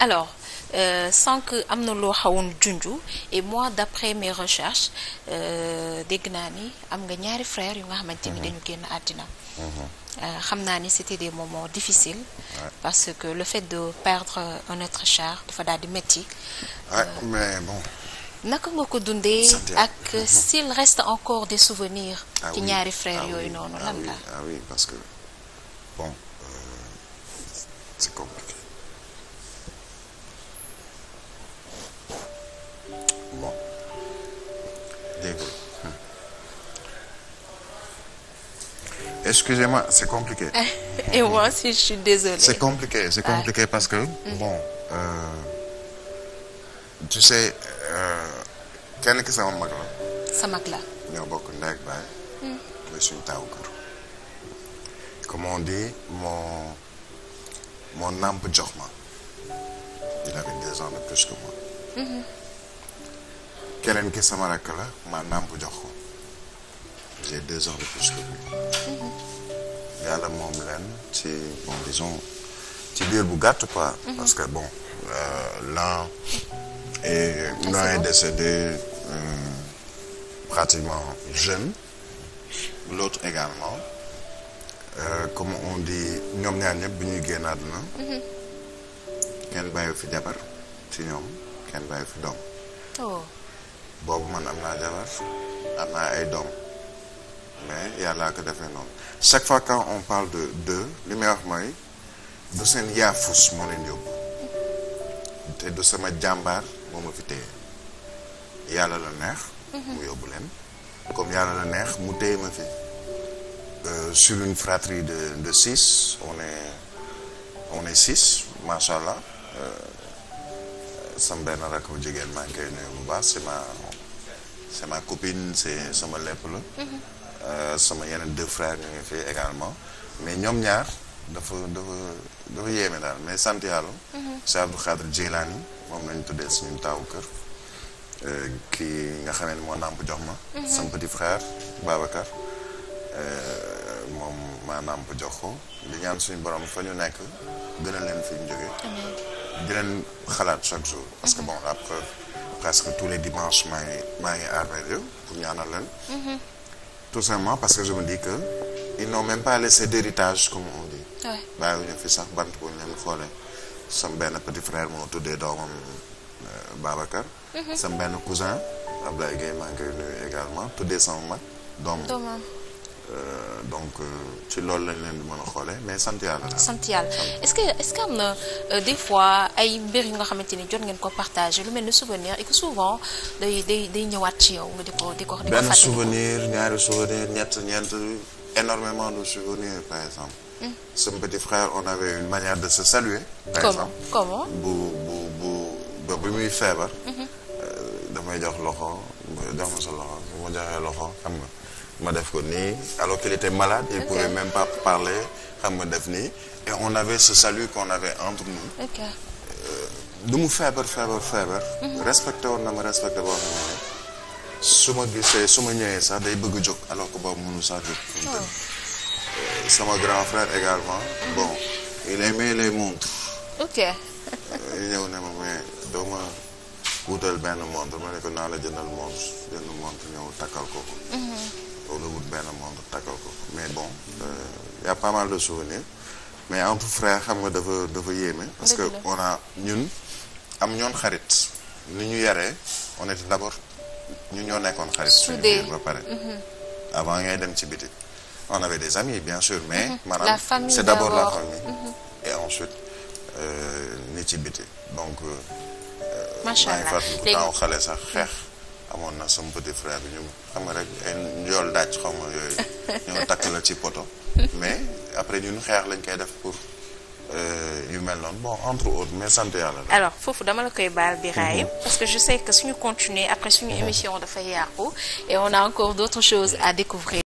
alors euh, sànq am na loo xawoon junju et moi d'après mes recherches euh, dégg naa ni am nga ñaari frère yu nga xamante ni mhm. dañu génn àddina mhm. euh, xam naa ni c'était des moments difficiles ouais. parce que le fait de perdre un être cher dafa daal di metti euh, mais bon naka nga ko dundee ak mhm. s'il reste encore des souvenirs ah ci ñaari frères ah yooyu noonu ah lan la déggul excusez c'est compliqué. et moi aussi je suis désolée. c'est compliqué c'est ah. compliqué parce que. bon euh, tu sais euh, kenn ki sama mag la. sa mag la. ñoo bokk ndey ak baay. mooy suñu taawu comme on dit moo moo nàmp jox ma il avait deux de plus que moi. keneen ki sama rakk la ma bu jox ko j'ai deux ans de plus que lui mm-hmm. yàlla moom leen ci bon disons ci biir bu gàtt quoi mm-hmm. parce que bon euh, l'un est ah, l'un décédé euh, pratiquement jeune l'autre également euh, comme on dit ñoom ñaar ñëpp bi ñuy génn àdduna mm-hmm. kenn bàyyi fi jabar ci ñoom kenn bàyyi fi doom oh. boobu man am naa jabar am naa ay doom mais yàllaa ko defee noonu chaque fois quand on parle de de li may wax mooy du seen yaafus moo leen yóbbu te du sama jàmbaar moo ma fi téye yàlla la neex mhm. mu yóbbu leen comme yàlla la neex mu téye ma fi euh, sur une fratrie de de six on est six macha allah. Euh, sama benn rakk bu jigéen maa ngi koy bu baax c'est ma c'est copine sama lépp la. Mhm. Uh, sama yeneen deux frères ñu ngi fi également mais ñoom ñaar dafa dafa dafa yéeme daal mais sant yàlla. Cheikh Abdou mhm. Khadr moom lañ tuddee suñu taawu kër. Uh, kii nga xamee ne moo nàmp jox ma. Mhm. sama petit frère Babacar. Uh, moom maanaam bu jox ko di ñaan suñu borom fa ñu nekk gën a leen fi ñu jógee di leen xalaat chaque jour parce que bon après presque tous les dimanches maa ngi maa ngi à rajo pour ñaanal leen mm-hmm. tout simplement parce que je me dis que ils n'ont même pas laissé d'héritage comme on dit bàyyiwuñu fi sax bant bu ñu leen benn petit moo tuddee doomam euh, Babacar mm-hmm. sam benn cousin Ablaye Gueye maa ngi koy nuyu également tuddee sama mag doomam Euh, donc euh, ci loolu lañ leen di mën a xoolee mais sant yàlla daal. sant yàlla est-ce que am na euh, des ay mbir yu nga xamante ni jot ngeen ko partage lu mel ni souvenir et que souvent day day day ci yow nga di ko di ko souvenir ñaari souvenir ñett ñeent énormément de souvenirs par exemple. Hmm. sama petit frère on avait une manière de se saluer. par exemple comment bu bu bu bu muy feebar. Hmm. damay jox loxo jox ma sa loxo. ma joxee loxo xam nga ma def ko nii alors qu'il était malade il okay. pouvait même pas parler xam nga def nii et on avait ce salut qu'on avait entre nous okay. Euh, mu feebar feebar feebar mhm. respecté woon na ma respecté boo xam ne su ma gisee su ma ñëwee sax day bëgg jóg alors que boobu mënu sax jóg oh. euh, sama grand frère également mhm. bon il aimait les montres ok euh, ñëw ne ma mais wutal benn montre ma ne ko naa la jëndal montre benn montre ñëw takkal ko ko. Mhm. loolu wut benn montre takkal ko ko mais bon euh, y pas mal de souvenirs mais entre frère xam nga dafa dafa yéeme. parce que on a ñun am ñoon xarit ni ñu yaree on était d'abord ñu ñoo nekkoon xarit. suñu biir ba mhm. avant ngay dem ci biti. on avait des amis bien sûr mais. Mhm. maanaam c'est d'abord la famille. et ensuite euh, ni ci biti donc. Euh, macha allah léegi maa ngi fàttali xale sax xeex. amoon na sama petit frère bi ñu xam nga rek ay yool daaj xaw ma yooyu ñoo takk la ci poto. mais après ñun xeex lañ koy def pour euh, yu mel noonu bon entre autres mais sant yàlla. alors foofu dama la koy baal bi raay mhm. parce que je sais que suñu continuer après suñu mhm. émission dafa yàqu et on a encore d'autres choses à découvrir